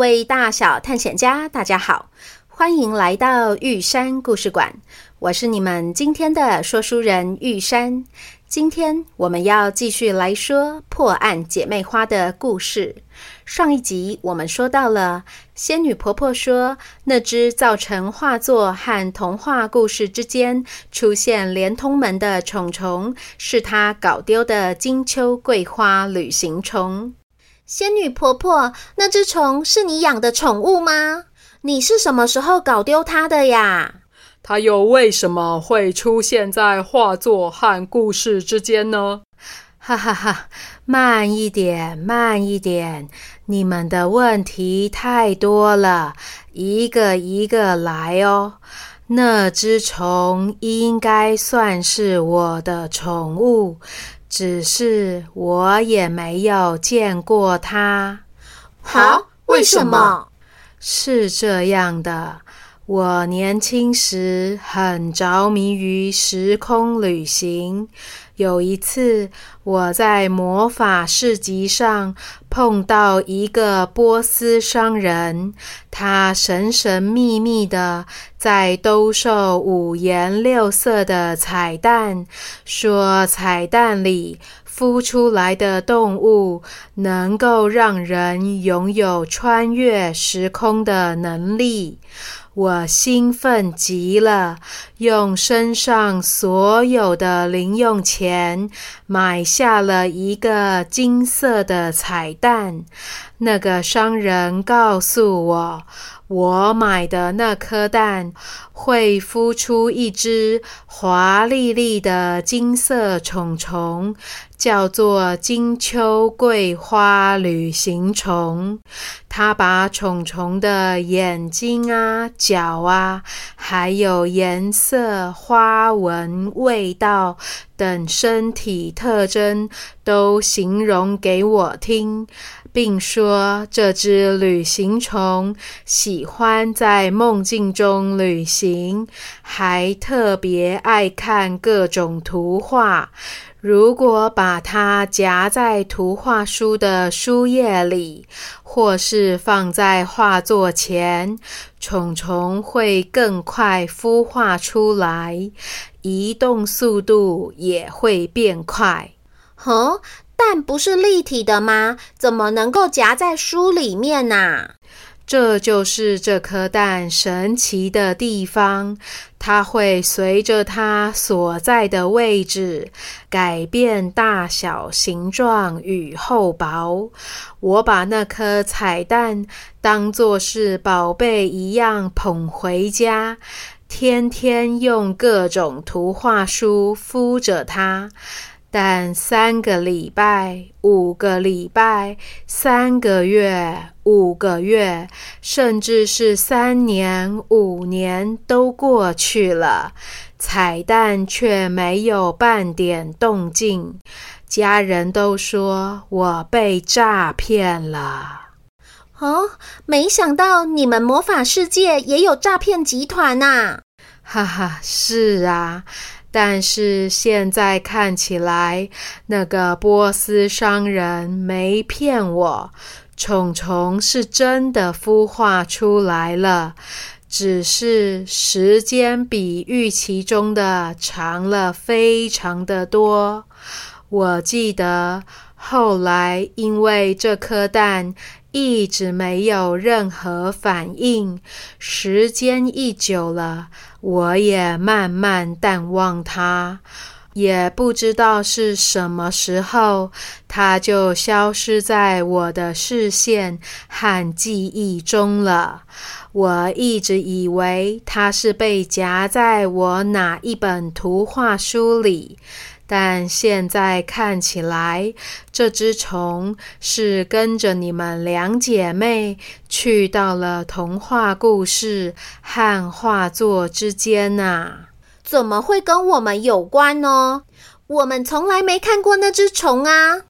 各位大小探險家，大家好，歡迎來到玉山故事館。我是你們今天的說書人玉山。今天我們要繼續來說破案姐妹花的故事。上一集我們說到了仙女婆婆說，那隻造成畫作和童話故事之間出現連通門的蟲蟲，是她搞丟的金秋桂花旅行蟲。仙女婆婆，那隻蟲是你養的寵物嗎？你是什麼時候搞丟它的呀？它又為什麼會出現在畫作和故事之間呢？哈哈哈，慢一點，慢一點，你們的問題太多了，一個一個來哦。那隻蟲應該算是我的寵物。只是我也沒有見過他。好、啊，為什麼？是這樣的。我年輕時很着迷於時空旅行。有一次，我在魔法市集上碰到一個波斯商人，他神神秘秘地在兜售五顏六色的彩蛋，說彩蛋裡孵出來的動物能夠讓人擁有穿越時空的能力。我興奮極了，用身上所有的零用錢買下了一個金色的彩蛋。那個商人告訴我，我買的那顆蛋會孵出一隻華麗麗的金色蟲蟲，叫做金秋桂花旅行蟲。它把蟲蟲的眼睛啊、腳啊，還有顏色、花紋、味道等身體特徵都形容給我聽。並說，這只旅行蟲喜歡在夢境中旅行，還特別愛看各種圖畫。如果把它夾在圖畫書的書頁裡，或是放在畫作前，蟲蟲會更快孵化出來，移動速度也會變快。哦。Huh? 蛋不是立體的嗎？怎麼能夠夾在書裡面呢、啊？這就是這顆蛋神奇的地方，它會隨着它所在的位置改變大小、形狀與厚薄。我把那顆彩蛋當作是寶貝一樣捧回家，天天用各種圖畫書敷着它。但三個禮拜、五個禮拜、三個月、五個月，甚至是三年、五年都過去了，彩蛋卻沒有半點動靜。家人都說我被詐騙了。哦，沒想到你們魔法世界也有詐騙集團啊！哈哈，是啊。但是現在看起來，那個波斯商人沒騙我，蟲蟲是真的孵化出來了，只是時間比預期中的長了非常的多。我記得後來因為這顆蛋一直沒有任何反應，時間一久了，我也慢慢淡忘它，也不知道是什麼時候，它就消失在我的視線和記憶中了。我一直以為它是被夾在我哪一本圖畫書裡。但現在看起來，這隻蟲是跟着你們兩姐妹去到了童話故事和畫作之間吶啊？怎麼會跟我們有關呢？我們從來沒看過那隻蟲啊！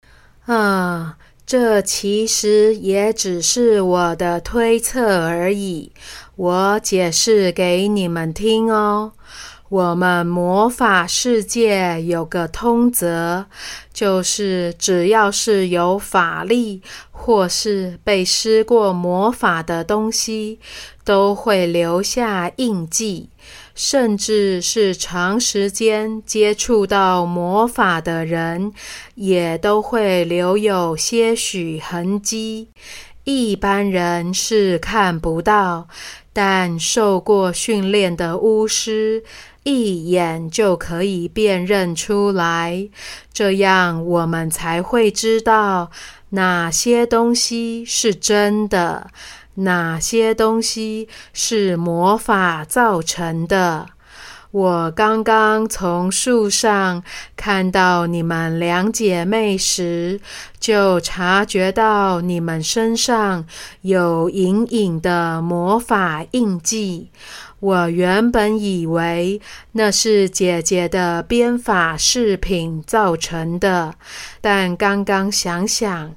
啊，這其實也只是我的推測而已。我解釋給你們聽哦。我們魔法世界有個通則，就是只要是有法力或是被施過魔法的東西，都會留下印記。甚至是長時間接觸到魔法的人，也都會留有些許痕跡。一般人是看不到，但受過訓練的巫師。一眼就可以辨認出來，這樣我們才會知道哪些東西是真的，哪些東西是魔法造成的。我剛剛從樹上看到你們兩姐妹時，就察覺到你們身上有隱隱的魔法印記。我原本以為那是姐姐的編髮飾品造成的，但剛剛想想，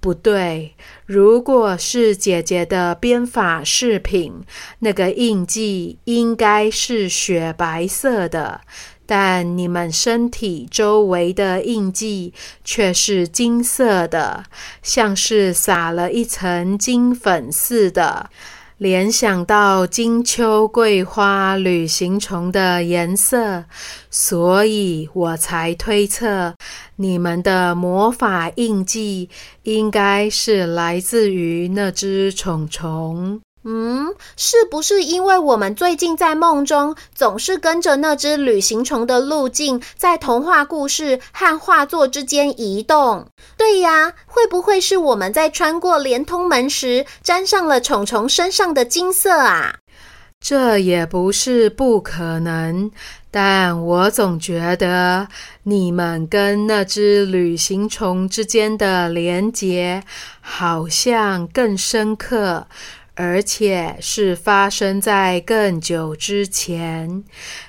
不對。如果是姐姐的編髮飾品，那個印記應該是雪白色的，但你們身體周圍的印記卻是金色的，像是撒了一層金粉似的。聯想到金秋桂花旅行蟲的顏色，所以我才推測，你們的魔法印記應該是來自於那隻蟲蟲。嗯，是不是因為我們最近在夢中總是跟着那只旅行蟲的路徑，在童話故事和畫作之間移動？對呀，會不會是我們在穿過連通門時沾上了蟲蟲身上的金色啊？這也不是不可能，但我總覺得你們跟那只旅行蟲之間的連結好像更深刻。而且是發生在更久之前。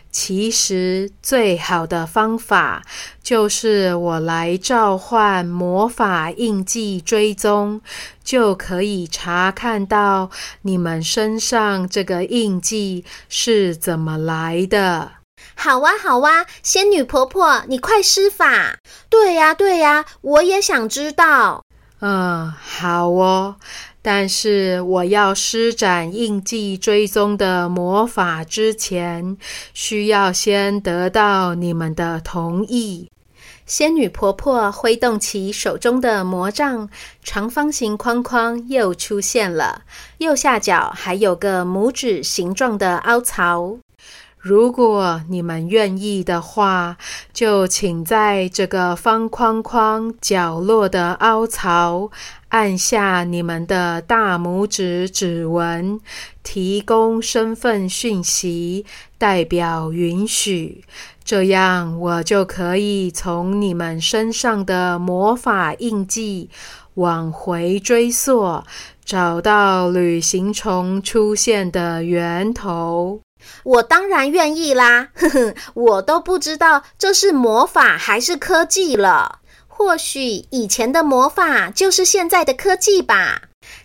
其實最好的方法就是我來召喚魔法印記追蹤，就可以查看到你們身上這個印記是怎麼來的。好哇，好哇，仙女婆婆，你快施法！對呀，對呀，我也想知道。嗯，好哦。但是，我要施展印記追蹤的魔法之前，需要先得到你們的同意。仙女婆婆揮動起手中的魔杖，長方形框框又出現了，右下角還有個拇指形狀的凹槽。如果你們願意的話，就請在這個方框框角落的凹槽按下你們的大拇指指紋，提供身份訊息，代表允許。這樣我就可以從你們身上的魔法印記往回追溯，找到旅行蟲出現的源頭。我當然願意啦，呵呵！我都不知道這是魔法還是科技了。或許以前的魔法就是現在的科技吧。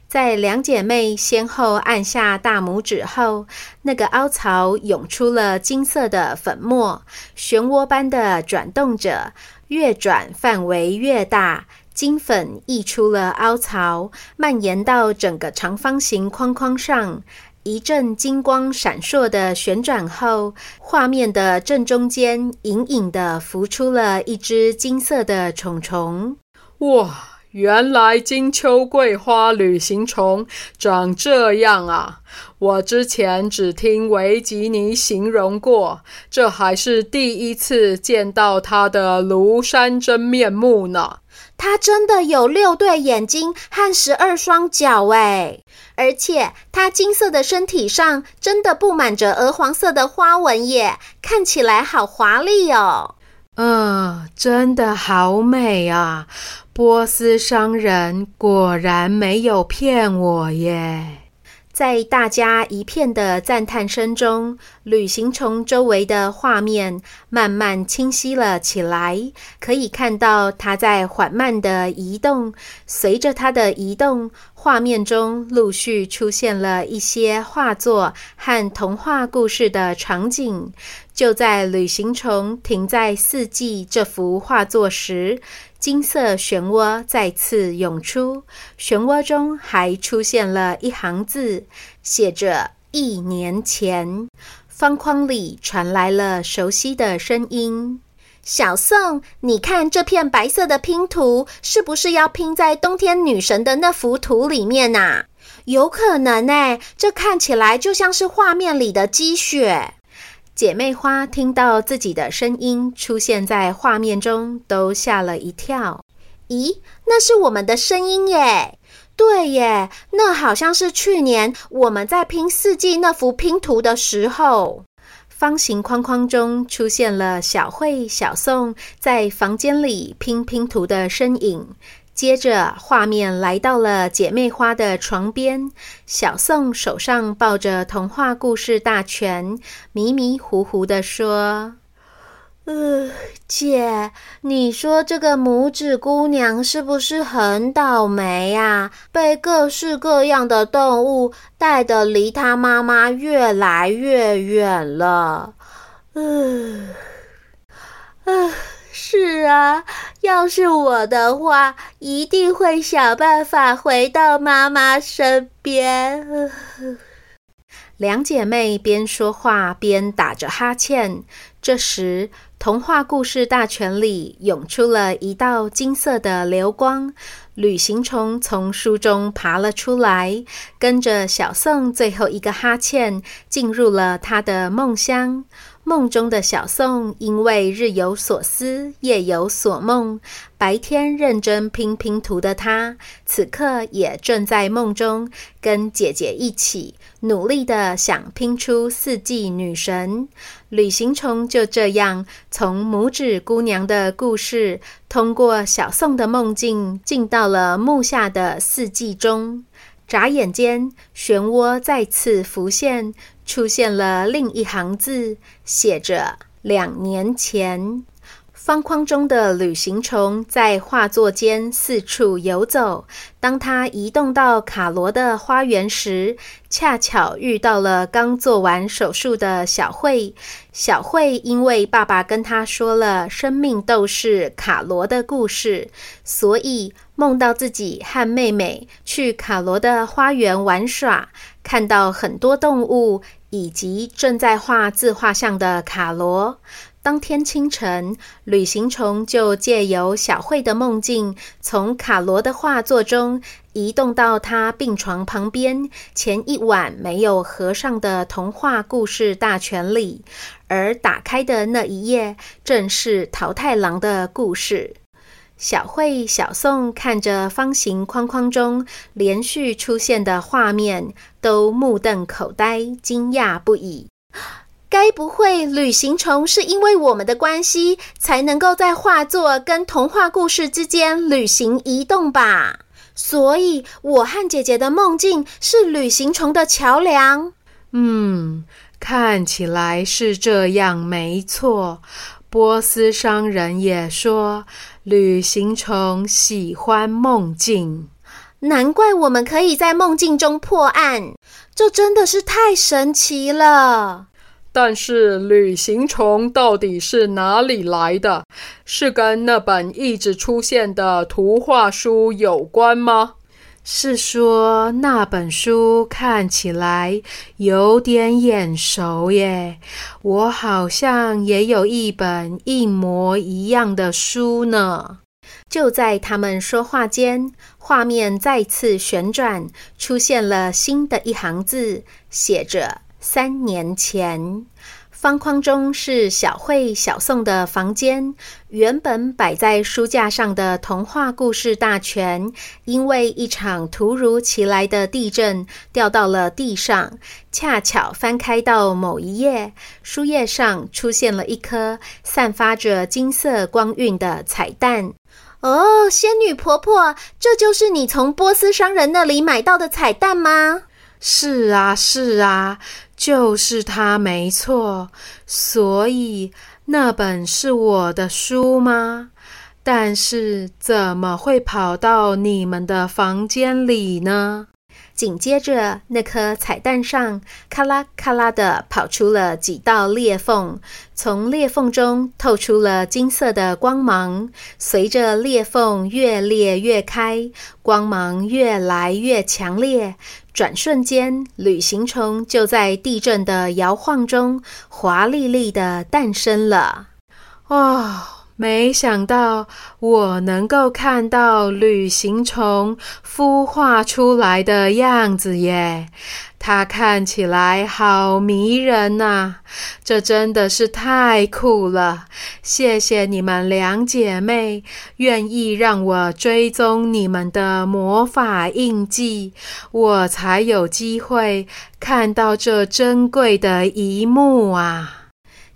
在兩姐妹先後按下大拇指後，那個凹槽湧出了金色的粉末，漩渦般的轉動着，越轉範圍越大，金粉溢出了凹槽，蔓延到整個長方形框框上。一陣金光閃爍的旋轉後，畫面的正中間隱隱地浮出了一隻金色的蟲蟲。哇，原來金秋桂花旅行蟲長這樣啊！我之前只聽維吉尼形容過，這還是第一次見到他的廬山真面目呢。他真的有六對眼睛和十二雙腳誒。而且他金色的身體上真的布滿着鵝黃色的花紋耶，看起來好華麗哦。嗯、呃，真的好美啊！波斯商人果然沒有騙我耶。在大家一片的讚嘆聲中，旅行蟲周圍的畫面慢慢清晰了起來。可以看到，它在緩慢的移動。隨着它的移動，畫面中陸續出現了一些畫作和童話故事的場景。就在旅行蟲停在四季這幅畫作時，金色漩渦再次湧出，漩渦中還出現了一行字，寫着“一年前”。方框裡傳來了熟悉的聲音：“小頌，你看這片白色的拼圖是不是要拼在冬天女神的那幅圖裡面吶、啊？有可能哎，這看起來就像是畫面裡的積雪。”姐妹花聽到自己的聲音出現在畫面中，都嚇了一跳。咦，那是我們的聲音耶！對耶，那好像是去年我們在拼四季那幅拼圖的時候。方形框框中出現了小繪、小頌在房間裡拼拼圖的身影。接着，畫面來到了姊妹花的床邊，小頌手上抱着《童話故事大全》，迷迷糊糊地說：“呃，姐，你說這個拇指姑娘是不是很倒霉呀、啊？被各式各樣的動物帶得離她媽媽越來越遠了。呃”呃……”是啊，要是我的話，一定會想辦法回到媽媽身邊。 兩姐妹邊說話邊打着哈欠。這時，童話故事大全裡湧出了一道金色的流光，旅行蟲從書中爬了出來，跟着小頌最後一個哈欠，進入了他的夢鄉。夢中的小頌因為日有所思，夜有所夢，白天認真拼拼圖的他，此刻也正在夢中跟姐姐一起努力的想拼出四季女神。旅行蟲就這樣從拇指姑娘的故事，通過小頌的夢境，進到了木下的四季中。眨眼間，漩渦再次浮現，出現了另一行字，寫着“兩年前”。方框中的旅行蟲在畫作間四處游走。當他移動到卡羅的花園時，恰巧遇到了剛做完手術的小繪。小繪因為爸爸跟她說了生命鬥士卡羅的故事，所以夢到自己和妹妹去卡羅的花園玩耍，看到很多動物以及正在畫自畫像的卡羅。當天清晨，旅行蟲就借由小繪的夢境，從卡羅的畫作中移動到她病床旁邊。前一晚沒有合上的童話故事大全裡，而打開的那一頁正是桃太郎的故事。小繪、小頌看着方形框框中連續出現的畫面，都目瞪口呆，驚訝不已。該不會旅行蟲是因為我們的關係才能夠在畫作跟童話故事之間旅行移動吧？所以我和姐姐的夢境是旅行蟲的橋樑。嗯，看起來是這樣沒錯。波斯商人也說旅行蟲喜歡夢境，難怪我們可以在夢境中破案。這真的是太神奇了。但是旅行蟲到底是哪裡來的？是跟那本一直出現的圖畫書有關嗎？是說那本書看起來有點眼熟耶，我好像也有一本一模一樣的書呢。就在他們說話間，畫面再次旋轉，出現了新的一行字，寫着。三年前，方框中是小繪、小頌的房間。原本擺在書架上的童話故事大全，因為一場突如其來的地震掉到了地上。恰巧翻開到某一頁，書頁上出現了一顆散發着金色光暈的彩蛋。哦，仙女婆婆，這就是你從波斯商人那裡買到的彩蛋嗎？是啊，是啊，就是他沒錯。所以那本是我的書嗎？但是怎麼會跑到你們的房間裡呢？緊接着，那顆彩蛋上咔啦咔啦的跑出了幾道裂縫，從裂縫中透出了金色的光芒。隨着裂縫越裂越開，光芒越來越強烈，轉瞬間，旅行蟲就在地震的搖晃中華麗麗的誕生了。哦。沒想到我能夠看到旅行蟲孵化出來的樣子耶！它看起來好迷人吶，這真的是太酷了！謝謝你們兩姐妹願意讓我追蹤你們的魔法印記，我才有機會看到這珍貴的一幕啊！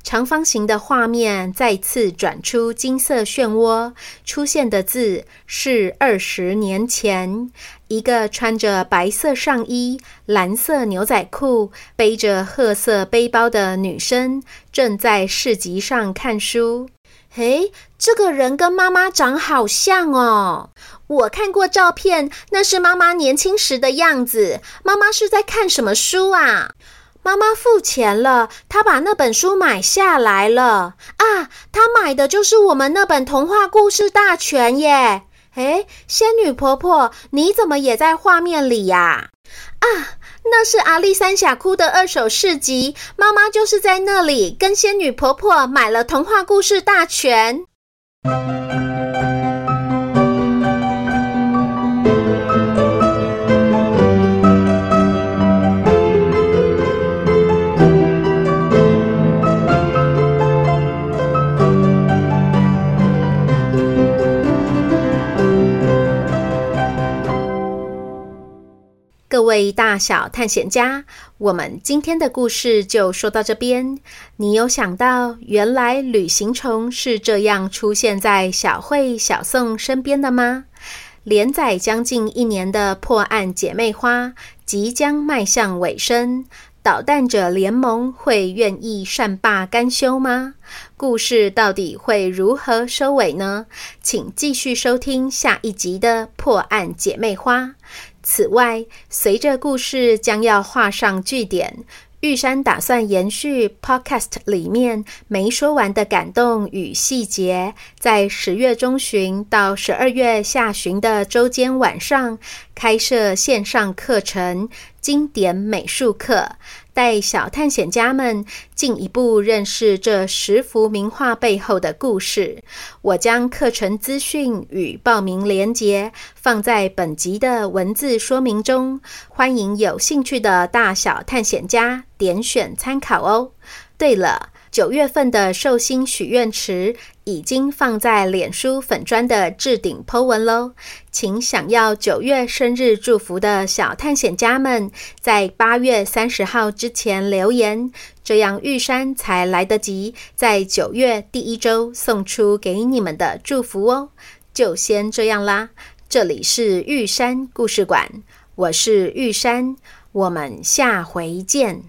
長方形的畫面再次轉出金色漩渦，出現的字是“二十年前”。一個穿着白色上衣、藍色牛仔褲、背着褐色背包的女生，正在市集上看書。誒，這個人跟媽媽長好像哦！我看過照片，那是媽媽年輕時的樣子。媽媽是在看什麼書啊？媽媽付錢了，她把那本書買下來了啊！她買的就是我們那本童話故事大全耶！哎，仙女婆婆，你怎麼也在畫面裡呀，啊？啊，那是阿里三峽哭的二手市集，媽媽就是在那裡跟仙女婆婆買了童話故事大全。大小探險家，我們今天的故事就說到這邊。你有想到，原來旅行蟲是這樣出現在小繪、小頌身邊的嗎？連載將近一年的《破案姐妹花》即將邁向尾聲，搗蛋者聯盟會願意善罷甘休嗎？故事到底會如何收尾呢？請繼續收聽下一集的《破案姐妹花》。此外，隨着故事將要畫上句點，玉山打算延續 Podcast 裡面沒說完的感動與細節，在十月中旬到十二月下旬的周間晚上，開設線上課程。經典美術課，帶小探險家們進一步認識這十幅名畫背後的故事。我將課程資訊與報名連結放在本集的文字說明中，歡迎有興趣的大小探險家點選參考哦。對了，九月份的壽星許願池。已經放在臉書粉專的置頂 Po 文嘍，請想要九月生日祝福的小探險家們，在八月三十號之前留言，這樣玉山才來得及在九月第一周送出給你們的祝福哦。就先這樣啦，這裡是玉山故事館，我是玉山，我們下回見。